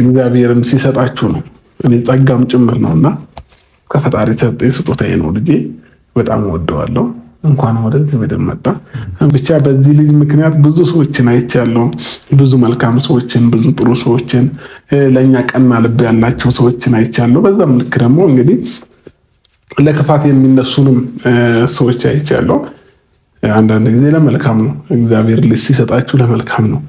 እግዚአብሔርም ሲሰጣችሁ ነው። እኔ ጸጋም ጭምር ነው እና ከፈጣሪ ተሰጠኝ ስጦታዬ ነው። ልጄ በጣም ወደዋለሁ እንኳን ወደዚህ ምድር መጣ። ብቻ በዚህ ልጅ ምክንያት ብዙ ሰዎችን አይቻለሁ። ብዙ መልካም ሰዎችን፣ ብዙ ጥሩ ሰዎችን፣ ለእኛ ቀና ልብ ያላቸው ሰዎችን አይቻለሁ። በዛ ምልክ ደግሞ እንግዲህ ለክፋት የሚነሱንም ሰዎች አይቻለሁ። አንዳንድ ጊዜ ለመልካም ነው። እግዚአብሔር ልጅ ሲሰጣችሁ ለመልካም ነው።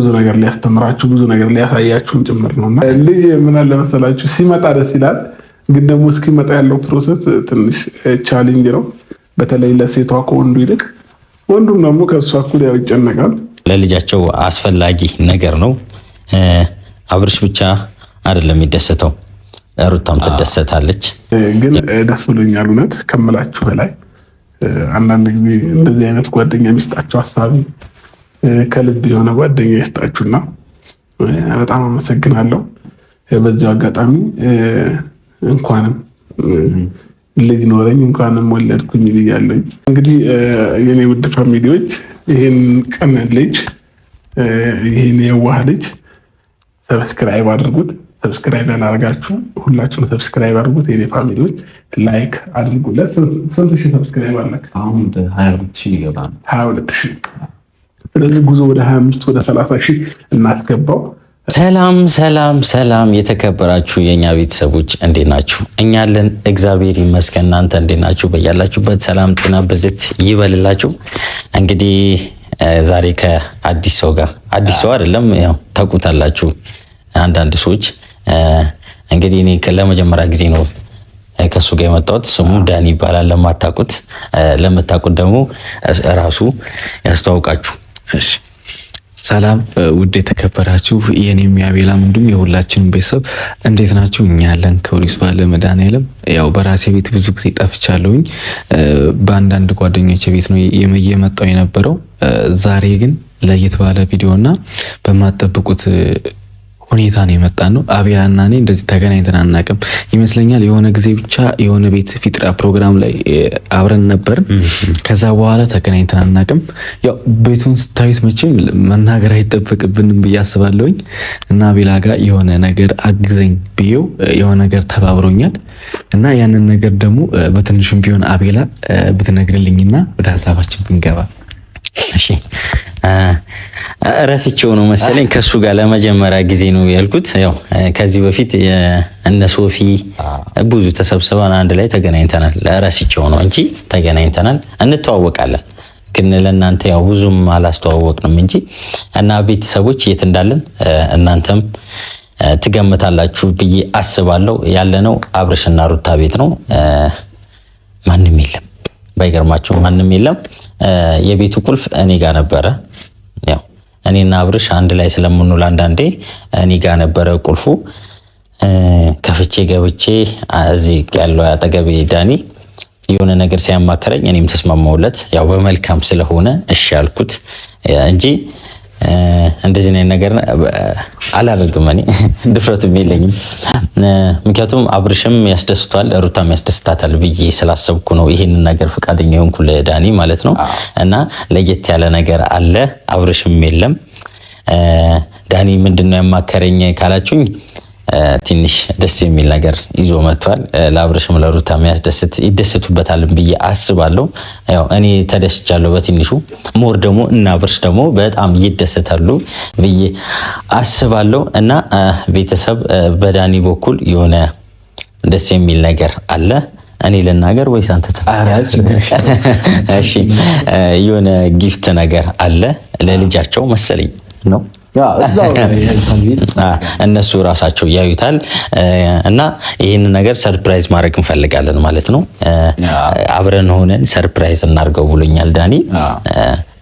ብዙ ነገር ሊያስተምራችሁ ብዙ ነገር ሊያሳያችሁን ጭምር ነውና ልጅ ምን አለ መሰላችሁ ሲመጣ ደስ ይላል። ግን ደግሞ እስኪመጣ ያለው ፕሮሰስ ትንሽ ቻሌንጅ ነው። በተለይ ለሴቷ ከወንዱ ይልቅ ወንዱም ደግሞ ከእሷ እኩል ያው ይጨነቃል። ለልጃቸው አስፈላጊ ነገር ነው። አብርሽ ብቻ አይደለም የሚደሰተው፣ ሩታም ትደሰታለች። ግን ደስ ብሎኛል እውነት ከምላችሁ በላይ። አንዳንድ ጊዜ እንደዚህ አይነት ጓደኛ የሚስጣቸው ሀሳቢ ከልብ የሆነ ጓደኛ ይስጣችሁና በጣም አመሰግናለሁ። በዚሁ አጋጣሚ እንኳንም ልጅ ኖረኝ እንኳንም ወለድኩኝ ብያለኝ። እንግዲህ የኔ ውድ ፋሚሊዎች ይህን ቀን ልጅ ይህን የዋህ ልጅ ሰብስክራይብ አድርጉት። ሰብስክራይብ ያላርጋችሁ ሁላችሁም ሰብስክራይብ አድርጉት። የኔ ፋሚሊዎች ላይክ አድርጉለት። ስንት ሺህ ሰብስክራይብ አለ? ሀያ ሁለት ሺህ ሀያ ሁለት ሺህ ስለዚህ ጉዞ ወደ 25 ወደ 30 ሺህ እናስገባው። ሰላም ሰላም ሰላም፣ የተከበራችሁ የእኛ ቤተሰቦች እንዴት ናችሁ? እኛ ያለን እግዚአብሔር ይመስገን። እናንተ እንዴት ናችሁ? በያላችሁበት ሰላም ጤና ብዝት ይበልላችሁ። እንግዲህ ዛሬ ከአዲስ ሰው ጋር አዲስ ሰው አይደለም፣ ያው ታውቁታላችሁ አንዳንድ ሰዎች። እንግዲህ እኔ ለመጀመሪያ ጊዜ ነው ከእሱ ጋር የመጣሁት። ስሙ ዳኒ ይባላል። ለማታውቁት ለምታውቁት ደግሞ ራሱ ያስተዋውቃችሁ እሺ ሰላም ውድ የተከበራችሁ የኔ ያቤላም እንዲሁም የሁላችንም ቤተሰብ እንዴት ናችሁ? እኛ ያለን ከሪስ ባለ መድኃኒዓለም። ያው በራሴ ቤት ብዙ ጊዜ ጠፍቻለሁኝ። በአንዳንድ ጓደኞች ቤት ነው እየመጣው የነበረው። ዛሬ ግን ለየት ባለ ቪዲዮ እና በማጠብቁት ሁኔታ ነው የመጣ ነው። አቤላና እኔ እንደዚህ ተገናኝተን አናውቅም ይመስለኛል። የሆነ ጊዜ ብቻ የሆነ ቤት ፊጥራ ፕሮግራም ላይ አብረን ነበር። ከዛ በኋላ ተገናኝተን አናውቅም። ያው ቤቱን ስታዩት መቼም መናገር አይጠበቅብንም ብዬ አስባለሁኝ እና አቤላ ጋር የሆነ ነገር አግዘኝ ብዬው የሆነ ነገር ተባብሮኛል እና ያንን ነገር ደግሞ በትንሹም ቢሆን አቤላ ብትነግርልኝና ወደ ሀሳባችን ብንገባ እሺ። ረስቸው ነው መሰለኝ ከሱ ጋር ለመጀመሪያ ጊዜ ነው ያልኩት። ያው ከዚህ በፊት እነ ሶፊ ብዙ ተሰብስበን አንድ ላይ ተገናኝተናል። ረስቼው ነው እንጂ ተገናኝተናል፣ እንተዋወቃለን። ግን ለእናንተ ያው ብዙም አላስተዋወቅንም እንጂ እና ቤተሰቦች የት እንዳለን እናንተም ትገምታላችሁ ብዬ አስባለሁ። ያለነው አብርሽና ሩታ ቤት ነው። ማንም የለም ባይገርማቸው ማንም የለም። የቤቱ ቁልፍ እኔ ጋር ነበረ። ያው እኔና አብርሽ አንድ ላይ ስለምንውል አንዳንዴ እኔ ጋር ነበረ ቁልፉ። ከፍቼ ገብቼ እዚህ ያለው አጠገቤ ዳኒ የሆነ ነገር ሲያማከረኝ እኔም ተስማማውለት። ያው በመልካም ስለሆነ እሺ አልኩት እንጂ እንደዚህ አይነት ነገር አላደርግም። እኔ ድፍረት የለኝም። ምክንያቱም አብርሽም ያስደስቷል ሩታም ያስደስታታል ብዬ ስላሰብኩ ነው ይህንን ነገር ፈቃደኛ የሆንኩ ለዳኒ ማለት ነው። እና ለየት ያለ ነገር አለ አብርሽም የለም። ዳኒ ምንድነው ያማከረኝ ካላችሁኝ ትንሽ ደስ የሚል ነገር ይዞ መጥቷል። ለአብርሽም ለሩታም ይደሰቱበታል ብዬ አስባለሁ። ያው እኔ ተደስቻለሁ በትንሹ ሞር ደግሞ እና አብርሽ ደግሞ በጣም ይደሰታሉ ብዬ አስባለሁ እና ቤተሰብ በዳኒ በኩል የሆነ ደስ የሚል ነገር አለ። እኔ ልናገር ወይስ አንተ? እሺ የሆነ ጊፍት ነገር አለ ለልጃቸው መሰለኝ ነው እነሱ ራሳቸው ያዩታል እና ይህንን ነገር ሰርፕራይዝ ማድረግ እንፈልጋለን ማለት ነው። አብረን ሆነን ሰርፕራይዝ እናድርገው ብሎኛል ዳኒ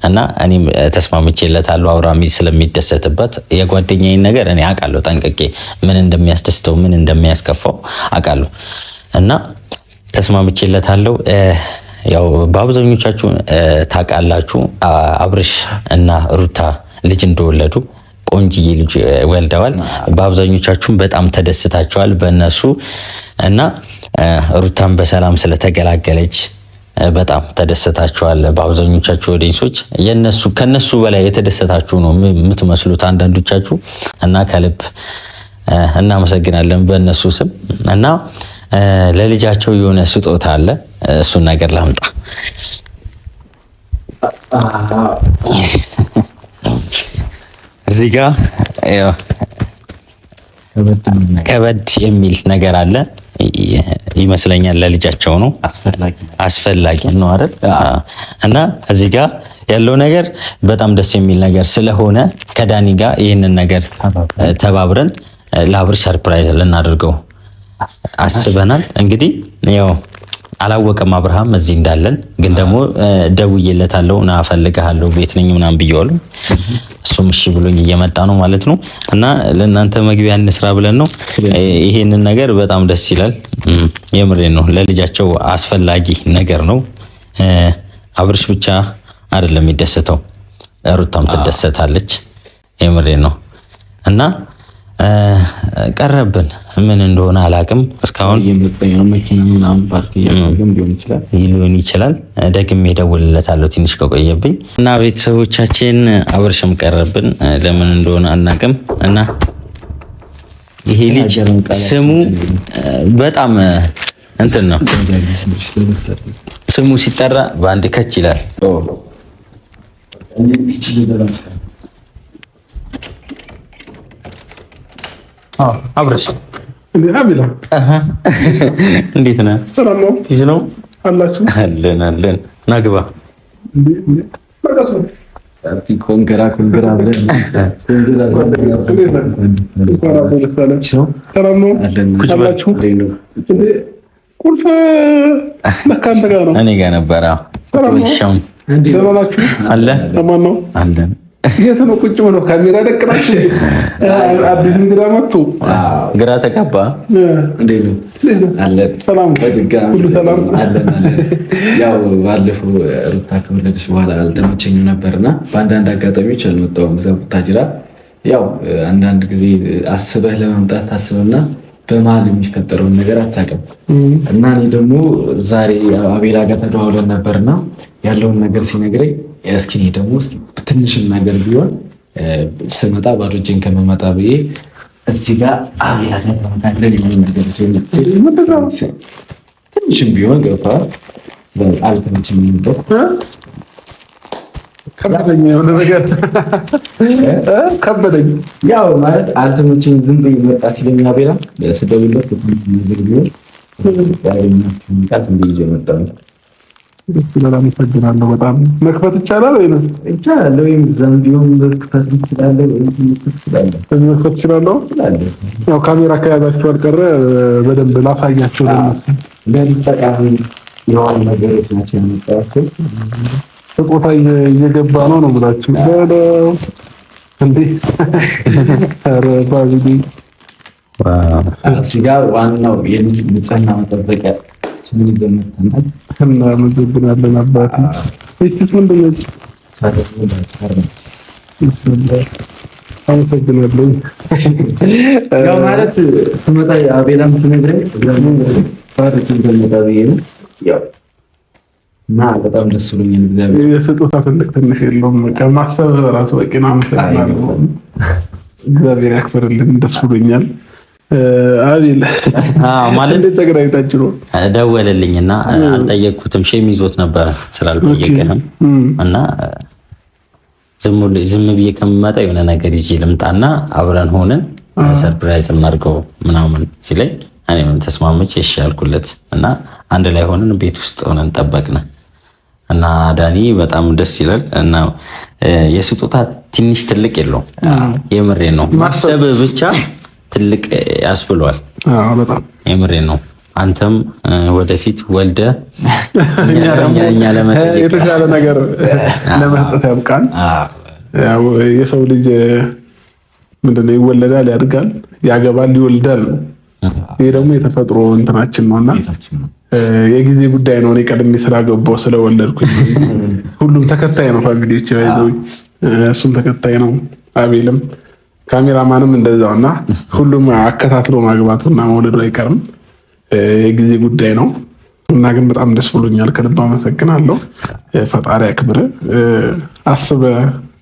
እና እኔም ተስማምቼለታለሁ። አውራሚ ስለሚደሰትበት የጓደኛዬን ነገር እኔ አውቃለሁ ጠንቅቄ፣ ምን እንደሚያስደስተው ምን እንደሚያስከፋው አውቃለሁ እና ተስማምቼለታለሁ። ያው በአብዛኞቻችሁ ታውቃላችሁ አብርሽ እና ሩታ ልጅ እንደወለዱ ቆንጅዬ ልጅ ወልደዋል። በአብዛኞቻችሁም በጣም ተደስታቸዋል በእነሱ እና ሩታን በሰላም ስለተገላገለች በጣም ተደሰታችኋል። በአብዛኞቻችሁ ወደሶች የነሱ ከነሱ በላይ የተደሰታችሁ ነው የምትመስሉት አንዳንዶቻችሁ እና ከልብ እናመሰግናለን በእነሱ ስም እና ለልጃቸው የሆነ ስጦታ አለ። እሱን ነገር ላምጣ። እዚህ ጋር ከበድ የሚል ነገር አለ ይመስለኛል። ለልጃቸው ነው አስፈላጊ ነው አይደል? እና እዚህ ጋር ያለው ነገር በጣም ደስ የሚል ነገር ስለሆነ ከዳኒ ጋር ይህንን ነገር ተባብረን ለአብር ሰርፕራይዝ ልናደርገው አስበናል። እንግዲህ ያው አላወቀም አብርሃም እዚህ እንዳለን። ግን ደግሞ ደውዬለታለሁ ና እፈልግሃለሁ ቤት ነኝ ምናምን ብየዋሉ እሱም እሺ ብሎኝ እየመጣ ነው ማለት ነው። እና ለእናንተ መግቢያ እንስራ ብለን ነው ይሄንን ነገር። በጣም ደስ ይላል። የምሬ ነው። ለልጃቸው አስፈላጊ ነገር ነው። አብርሽ ብቻ አይደለም የሚደሰተው፣ ሩታም ትደሰታለች። የምሬ ነው እና ቀረብን። ምን እንደሆነ አላቅም። እስካሁን ሊሆን ይችላል። ደግሜ እደውልለታለሁ ትንሽ ከቆየብኝ እና ቤተሰቦቻችን አብርሽም ቀረብን። ለምን እንደሆነ አናቅም እና ይሄ ልጅ ስሙ በጣም እንትን ነው። ስሙ ሲጠራ በአንድ ከች ይላል። አብረሽ እንዴት ነህ? ፊዝ ነው አላችሁ? አለን አለን። ናግባ ኮንገራ ኮንገራ ብለን ቁልፍ ለካ አንተ ጋር ነው። እኔ ጋር ነበረ። ሰላም ነው አለ። የት ነው ቁጭ ብሎ ካሜራ ደቅናች? አዲስ እንግዳ መጥቶ ግራ ተጋባ። ያው ባለፈው ሩታ ከወለደች በኋላ አልተመቸኝም ነበርና በአንዳንድ አጋጣሚዎች አልመጣሁም። እዛ ቡታጅራ ያው አንዳንድ ጊዜ አስበህ ለመምጣት ታስብና በመሀል የሚፈጠረውን ነገር አታውቅም። እና እኔ ደግሞ ዛሬ አቤላ ጋር ተደዋውለን ነበርና ያለውን ነገር ሲነግረኝ እስኪ እኔ ደግሞ ትንሽም ነገር ቢሆን ስመጣ ባዶ እጄን ከመመጣ ብዬ እዚህ ጋር ትንሽም ቢሆን ገባ አልተመች የሚልበት ከበደኝ የሆነ ነገር ከበደኝ። ያው ማለት አልተመችም ዝም ብዬ መጣ ሲለኝ አቤላ ስደውልለት ነገር ቢሆን ዝም ብዬ መጣ ነው ደስ ይላል። አመሰግናለሁ በጣም መክፈት ይቻላል ወይ ይቻላል ወይም ዘንቢውም መክፈት ይችላል ወይ መክፈት ይችላል። ያው ካሜራ ከያዛችሁ አልቀረ በደንብ ላሳያቸው ለእነሱ ጠቃሚ የሆኑ ነገሮች ናቸው የሚጠዋቸው። ስጦታ እየገባ ነው ነው ብላችሁ በለው እንዴ! ኧረ ባቢ እዚህ ዋናው የልጅ ንጽህና መጠበቂያ ምን ይዘመተናል? እናመሰግናለን አባት። ይችስ ምንድን ነች? አመሰግናለሁ። ያው ማለት ስመጣ አቤላም ትነግረኝ ነው ያው እና በጣም ደስ ብሎኛል። እግዚአብሔር የስጦታ ትልቅ ትንሽ የለውም። ከማሰብ ራሱ በቂ ነው። እግዚአብሔር ያክብርልን። ደስ ብሎኛል። አቤል ማለት ተገናኝታችሁ ነው? ደወለልኝና አልጠየቅኩትም። ሼም ይዞት ነበረ ስላልጠየቅንም እና ዝም ብዬ ከምመጣ የሆነ ነገር ይዤ ልምጣና አብረን ሆነን ሰርፕራይዝ አድርገው ምናምን ሲለኝ እኔም ተስማመች እሺ አልኩለት እና አንድ ላይ ሆነን ቤት ውስጥ ሆነን ጠበቅን እና ዳኒ በጣም ደስ ይላል እና የስጦታ ትንሽ ትልቅ የለውም። የምሬ ነው ማሰብ ብቻ ትልቅ ያስብሏል። የምሬ ነው። አንተም ወደፊት ወልደ የተሻለ ነገር ለመስጠት ያብቃል። የሰው ልጅ ምንድን ነው ይወለዳል፣ ያድጋል፣ ያገባል፣ ይወልዳል ነው። ይህ ደግሞ የተፈጥሮ እንትናችን ነው እና የጊዜ ጉዳይ ነው። እኔ ቀድሜ ስላገባው ስለወለድኩኝ ሁሉም ተከታይ ነው። ፋሚሊዎች እሱም ተከታይ ነው። አቤልም ካሜራማንም እንደዛው እና ሁሉም አከታትሎ ማግባቱ እና መውለዱ አይቀርም። የጊዜ ጉዳይ ነው እና ግን በጣም ደስ ብሎኛል። ከልብ አመሰግናለሁ። ፈጣሪ አክብር። አስበ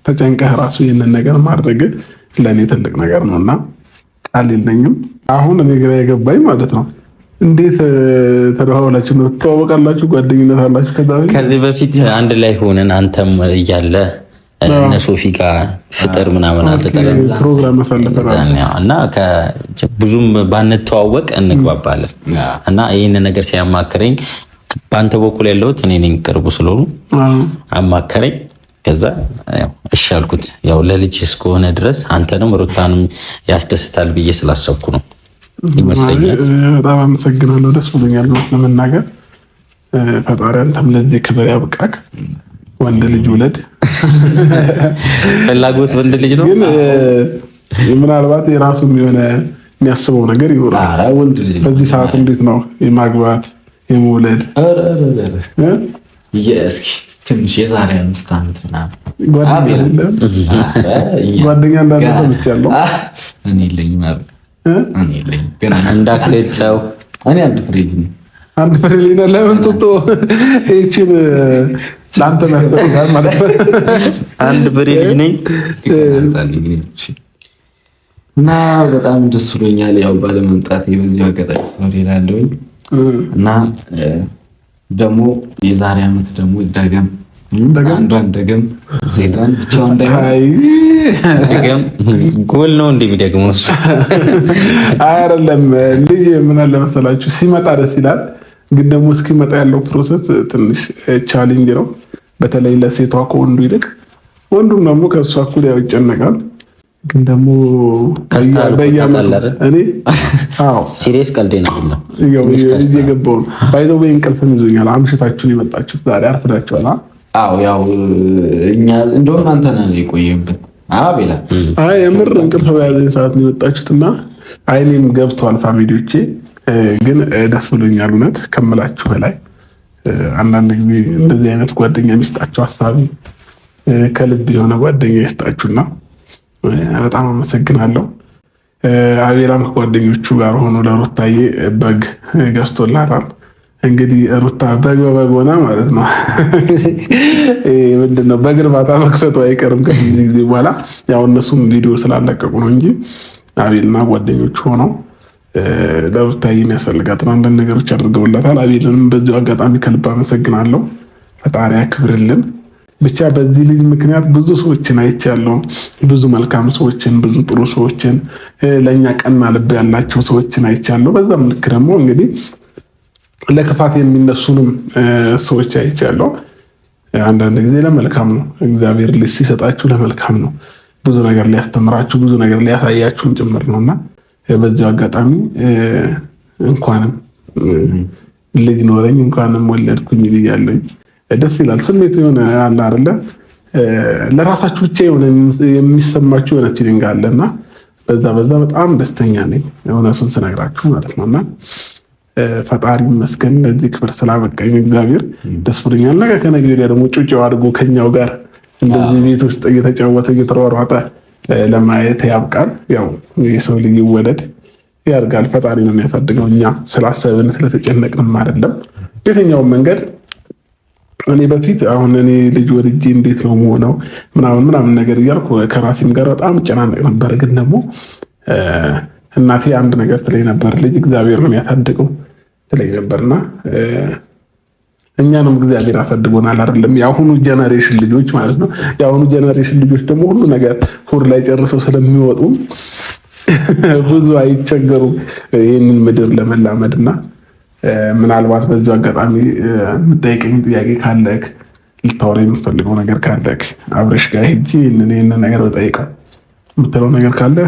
ተጨንቀህ ራሱ ይህንን ነገር ማድረግ ለእኔ ትልቅ ነገር ነው እና ቃል የለኝም። አሁን እኔ ግራ የገባኝ ማለት ነው እንዴት ተደዋውላችሁ ነው ትተዋወቃላችሁ? ጓደኝነት አላችሁ? ከዚህ በፊት አንድ ላይ ሆነን አንተም እያለ እነ ሶፊ ጋር ፍጥር ምናምን እና ብዙም ባንተዋወቅ እንግባባለን እና ይህን ነገር ሲያማክረኝ በአንተ በኩል ያለሁት እኔ ነኝ ቅርቡ ስለሆኑ አማከረኝ። ከዛ እሺ አልኩት። ያው ለልጅ እስከሆነ ድረስ አንተንም ሩታንም ያስደስታል ብዬ ስላሰብኩ ነው ይመስለኛል። በጣም አመሰግናለሁ። ደስ ብሎኛል ለመናገር ፈጣሪ አንተም ለዚህ ክብር ያብቃክ። ወንድ ልጅ ውለድ ፍላጎት ወንድ ልጅ ነው። ግን ምናልባት የራሱም የሆነ የሚያስበው ነገር ይኖራል። በዚህ ሰዓት እንዴት ነው የማግባት የመውለድ እስኪ ትንሽ የዛሬ አምስት ዓመት ምናምን ጓደኛ እንዳለ ብቻለሁ እኔ የለኝም እንዳትሄድ ሰው እኔ አንድ አንድ ፍሬሊና ለምን ጡጦ እቺን ላንተ ማስተካከል ማለት ነው። አንድ ፍሬ ልጅ ነኝ እና በጣም ደስ ብሎኛል። ያው ባለመምጣት በዚሁ አጋጣሚ ሶሪ እላለሁኝ እና ደግሞ የዛሬ አመት ደግሞ ዳገም አንዷን ደግም ሴጣን እንዳይሆን ጎል ነው እንደ የሚደግመው እሱ አይደለም። ልጅ ምን ሲመጣ ደስ ይላል፣ ግን ደግሞ እስኪመጣ ያለው ፕሮሰስ ትንሽ ቻሌንጅ ነው። በተለይ ለሴቷ ከወንዱ ይልቅ ወንዱም ደግሞ ከእሷ እኩል ያው ይጨነቃል። ግን ደግሞ ነው። እንቅልፍም ይዞኛል። አምሽታችሁን የመጣችሁት ዛሬ አርፍዳችኋል። አዎ ያው እኛ እንደውም አንተ ነህ የቆየብን። አቤላ አይ የምር እንቅልፍ በያዘኝ ሰዓት ነው የወጣችሁት እና አይኔም ገብቷል። ፋሚሊዎቼ ግን ደስ ብሎኛል እውነት ከምላችሁ በላይ። አንዳንድ ጊዜ እንደዚህ አይነት ጓደኛ የሚስጣቸው ሀሳቢ ከልብ የሆነ ጓደኛ ይስጣችሁና በጣም አመሰግናለሁ። አቤላም ከጓደኞቹ ጋር ሆኖ ለሮታዬ በግ ገዝቶላታል። እንግዲህ ሩታ በግ በበግ ሆና ማለት ነው። ምንድን ነው በግ መክፈቱ አይቀርም ከጊዜ በኋላ ያው እነሱም ቪዲዮ ስላለቀቁ ነው እንጂ አቤልና ጓደኞቹ ሆነው ለሩታ የሚያስፈልጋትን አንዳንድ ነገሮች አድርገውላታል። አቤልንም በዚሁ አጋጣሚ ከልብ አመሰግናለሁ። ፈጣሪ ያክብርልን። ብቻ በዚህ ልጅ ምክንያት ብዙ ሰዎችን አይቻለሁ። ብዙ መልካም ሰዎችን፣ ብዙ ጥሩ ሰዎችን፣ ለእኛ ቀና ልብ ያላቸው ሰዎችን አይቻለሁ። በዛም ልክ ደግሞ እንግዲህ ለክፋት የሚነሱንም ሰዎች አይቻለሁ። አንዳንድ ጊዜ ለመልካም ነው። እግዚአብሔር ልጅ ሲሰጣችሁ ለመልካም ነው። ብዙ ነገር ሊያስተምራችሁ፣ ብዙ ነገር ሊያሳያችሁም ጭምር ነው እና በዚሁ አጋጣሚ እንኳንም ልጅ ኖረኝ እንኳንም ወለድኩኝ ብያለኝ። ደስ ይላል። ስሜቱ የሆነ አለ አይደለ? ለራሳችሁ ብቻ የሆነ የሚሰማችሁ የሆነ ፊሊንግ አለ እና በዛ በዛ በጣም ደስተኛ ነኝ እውነቱን ስነግራችሁ ማለት ነው እና ፈጣሪ ይመስገን ለዚህ ክብር ስላበቃኝ እግዚአብሔር ደስ ብሎኛል። ነገ ከነገ ወዲያ ደግሞ ጩጬው አድርጎ ከኛው ጋር እንደዚህ ቤት ውስጥ እየተጫወተ እየተሯሯጠ ለማየት ያብቃል። ያው የሰው ልጅ ይወለድ ያድጋል፣ ፈጣሪ ነው የሚያሳድገው። እኛ ስላሰብን ስለተጨነቅንም አይደለም። የትኛውን መንገድ እኔ በፊት አሁን እኔ ልጅ ወልጄ እንዴት ነው መሆነው ምናምን ምናምን ነገር እያልኩ ከራሴም ጋር በጣም ጨናነቅ ነበር። ግን ደግሞ እናቴ አንድ ነገር ትለኝ ነበር፣ ልጅ እግዚአብሔር ነው የሚያሳድገው ትለኝ ነበርና እኛንም እግዚአብሔር አሳድጎናል። አይደለም የአሁኑ ጀነሬሽን ልጆች ማለት ነው። የአሁኑ ጀነሬሽን ልጆች ደግሞ ሁሉ ነገር ሆድ ላይ ጨርሰው ስለሚወጡ ብዙ አይቸገሩም ይህንን ምድር ለመላመድ እና ምናልባት በዚ አጋጣሚ የምጠይቀኝ ጥያቄ ካለክ ልታወራ የምፈልገው ነገር ካለክ አብረሽ ጋር ሄጄ ይህንን ነገር በጠይቀው የምትለው ነገር ካለህ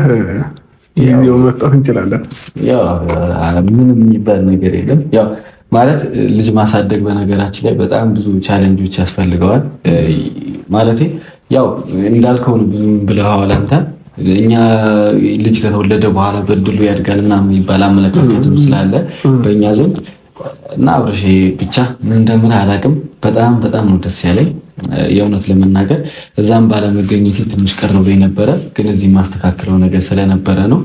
ጊዜው መስጠት እንችላለን። ምንም የሚባል ነገር የለም። ያው ማለት ልጅ ማሳደግ በነገራችን ላይ በጣም ብዙ ቻለንጆች ያስፈልገዋል። ማለት ያው እንዳልከውን ብዙ ብለዋል አንተ። እኛ ልጅ ከተወለደ በኋላ በድሉ ያድጋል ምናምን የሚባል አመለካከትም ስላለ በእኛ ዘንድ እና አብረሽ ብቻ ምን እንደምልህ አላውቅም። በጣም በጣም ነው ደስ ያለኝ። የእውነት ለመናገር እዛም ባለመገኘት ትንሽ ቅር ብሎኝ ነበረ፣ ግን እዚህ የማስተካክለው ነገር ስለነበረ ነው።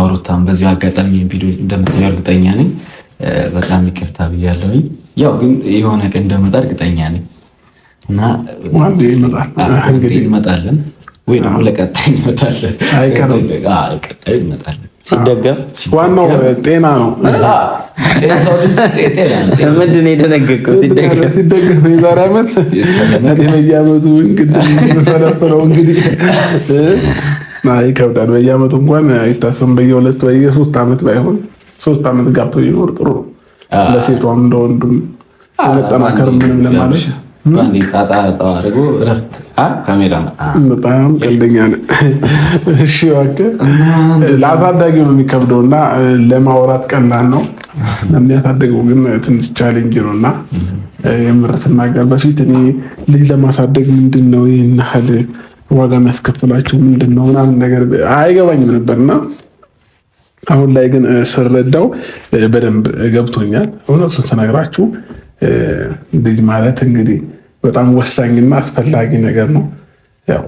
አውሮታም በዚሁ አጋጣሚ ቪዲዮ እንደምታየው እርግጠኛ ነኝ። በጣም ይቅርታ ብያለሁኝ። ያው ግን የሆነ ቀን እንደመጣ እርግጠኛ ነኝ እና እንግዲህ እንመጣለን ወይ ደግሞ ለቀጣይ እንመጣለን፣ ሲደገም ዋናው ጤና ነው። ምንድን ነው ሲደገም የዛሬ ዓመት በየዓመቱ እንግዲህ ይከብዳል። በየዓመቱ እንኳን አይታሰብም። በየሁለት በየሶስት ዓመት ባይሆን ሶስት ዓመት ጋብቶ ይኖር ጥሩ ለሴቷም እንደወንዱም ለመጠናከር ምንም ለማለት ጣጣ አድርጎ እረፍት በጣም ቀልደኛ ነው። እሺ ለአሳዳጊው ነው የሚከብደው እና ለማውራት ቀላል ነው። ለሚያሳደገው ግን ትንሽ ቻሌንጅ ነው እና የምር ስናገር በፊት እኔ ልጅ ለማሳደግ ምንድን ነው ይህን ያህል ዋጋ የሚያስከፍላቸው ምንድን ነው ምናምን ነገር አይገባኝም ነበርና አሁን ላይ ግን ስረዳው በደንብ ገብቶኛል። እውነቱን ስነግራችሁ ልጅ ማለት እንግዲህ በጣም ወሳኝና አስፈላጊ ነገር ነው። ያው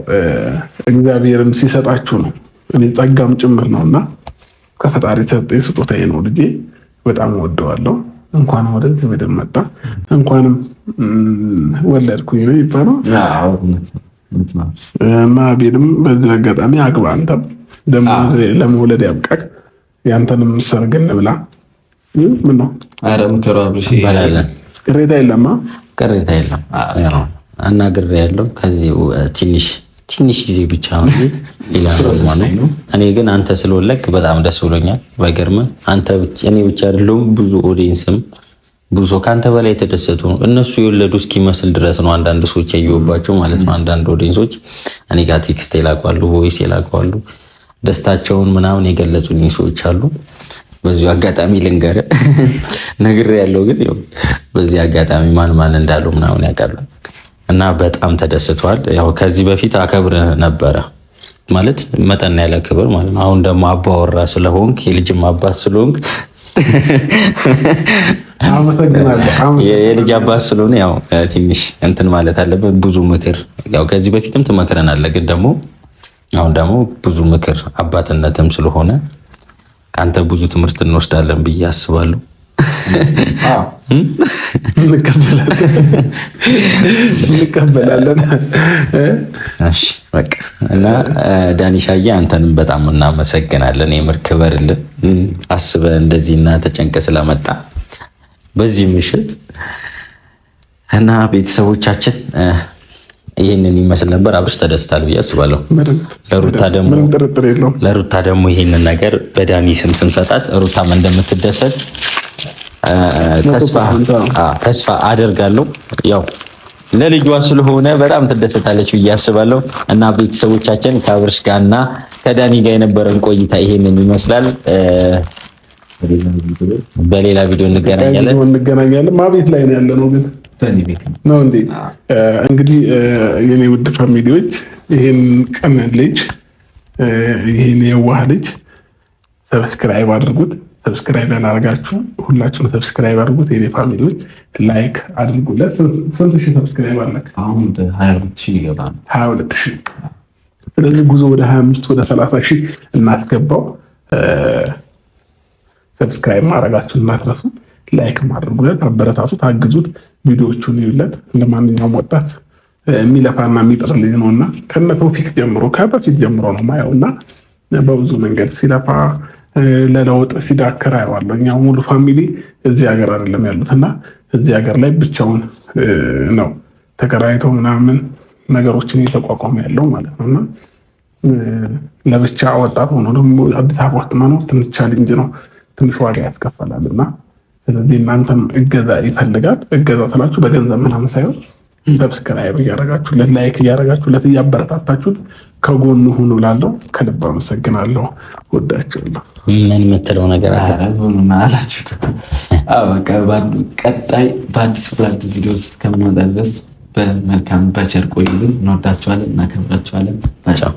እግዚአብሔርም ሲሰጣችሁ ነው፣ እኔ ጸጋም ጭምር ነው እና ከፈጣሪ ተሰጠኝ ስጦታዬ ነው ልጄ። በጣም ወደዋለሁ። እንኳን ወደዚህ ምድር መጣ፣ እንኳንም ወለድኩኝ ነው ይባለው እና በዚህ አጋጣሚ አግባ፣ አንተም ለመውለድ ያብቃቅ፣ ያንተንም ሰርግ እንብላ። ምነው ኧረ ምከሩ አብርሽ ይበላለን ቅሬታ የለም፣ ቅሬታ የለም። እና አናግሬ ያለው ከዚህ ትንሽ ትንሽ ጊዜ ብቻ ሌላ ነው። እኔ ግን አንተ ስለወለክ በጣም ደስ ብሎኛል። ባይገርምም አንተ እኔ ብቻ አይደለሁም ብዙ ኦዲየንስም ብዙ ከአንተ በላይ የተደሰቱ ነው። እነሱ የወለዱ እስኪመስል ድረስ ነው አንዳንድ ሰዎች ያየሁባቸው ማለት ነው። አንዳንድ ኦዲየንሶች እኔ ጋር ቴክስት የላቋሉ፣ ቮይስ የላቋሉ፣ ደስታቸውን ምናምን የገለጹኝ ሰዎች አሉ። በዚሁ አጋጣሚ ልንገር ነግር ያለው ግን በዚህ አጋጣሚ ማን ማን እንዳሉ ምናምን ያውቃሉ እና በጣም ተደስቷል ያው ከዚህ በፊት አከብር ነበረ ማለት መጠን ያለ ክብር ማለት ነው። አሁን ደግሞ አባወራ ስለሆንክ የልጅም አባት ስለሆንክ የልጅ አባት ስለሆነ ያው ትንሽ እንትን ማለት አለበት። ብዙ ምክር ያው ከዚህ በፊትም ትመክረናለህ፣ ግን ደግሞ አሁን ደግሞ ብዙ ምክር አባትነትም ስለሆነ ከአንተ ብዙ ትምህርት እንወስዳለን ብዬ አስባለሁ። እንቀበላለን እና ዳኒሻዬ አንተንም በጣም እናመሰግናለን። የምር ክበርልን እንደዚህ እና ተጨንቀ ስለመጣ በዚህ ምሽት እና ቤተሰቦቻችን ይህንን ይመስል ነበር። አብርሽ ተደስታል ብዬ አስባለሁ። ለሩታ ደግሞ ይህንን ነገር በዳኒ ስም ስንሰጣት ሩታም እንደምትደሰት ተስፋ አደርጋለሁ። ያው ለልጇ ስለሆነ በጣም ትደሰታለች ብዬ አስባለሁ። እና ቤተሰቦቻችን ከአብርሽ ጋር እና ከዳኒ ጋር የነበረን ቆይታ ይሄንን ይመስላል። በሌላ ቪዲዮ እንገናኛለን እንገናኛለን። ማቤት ላይ ነው ያለነው ግን ነው እንዴ? እንግዲህ የኔ ውድ ፋሚሊዎች ይህን ቀን ልጅ ይህን የዋህ ልጅ ሰብስክራይብ አድርጉት። ሰብስክራይብ ያላርጋችሁ ሁላችሁም ሰብስክራይብ አድርጉት። የኔ ፋሚሊዎች ላይክ አድርጉለት። ስንት ሺህ ሰብስክራይብ አለክ? ሀያ ሁለት ሺህ ስለዚህ ጉዞ ወደ ሀያ አምስት ወደ ሰላሳ ሺህ እናስገባው። ሰብስክራይብ ማድረጋችሁን እናትረሱ። ላይክም አድርጉለት፣ አበረታቱት፣ አግዙት፣ ቪዲዮዎቹን ይዩለት። ለማንኛውም ወጣት የሚለፋና የሚጥር ልጅ ነው እና ከነ ተውፊቅ ጀምሮ ከበፊት ጀምሮ ነው ማየው እና በብዙ መንገድ ሲለፋ ለለውጥ ሲዳክር አየዋለሁ። እኛ ሙሉ ፋሚሊ እዚህ ሀገር አይደለም ያሉት እና እዚህ ሀገር ላይ ብቻውን ነው ተከራይቶ ምናምን ነገሮችን እየተቋቋመ ያለው ማለት ነው እና ለብቻ ወጣት ሆኖ ደግሞ አዲስ አበባ መኖር ትንሽ ቻሌንጅ ነው፣ ትንሽ ዋጋ ያስከፈላል እና ስለዚህ እናንተም እገዛ ይፈልጋል። እገዛ ስላችሁ በገንዘብ ምናምን ሳይሆን ሰብስክራይብ እያረጋችሁ እያደረጋችሁለት፣ ላይክ ለት እያበረታታችሁት ከጎኑ ሁኑ። ላለው ከልብ አመሰግናለሁ። ወዳችሁለሁ። ምን የምትለው ነገር አላችሁት? ቀጣይ በአዲስ ፕላንት ቪዲዮ ውስጥ እስከምንመጣ ድረስ በመልካም በቸር ቆይልን። እንወዳችኋለን፣ እናከብራችኋለን። ቻው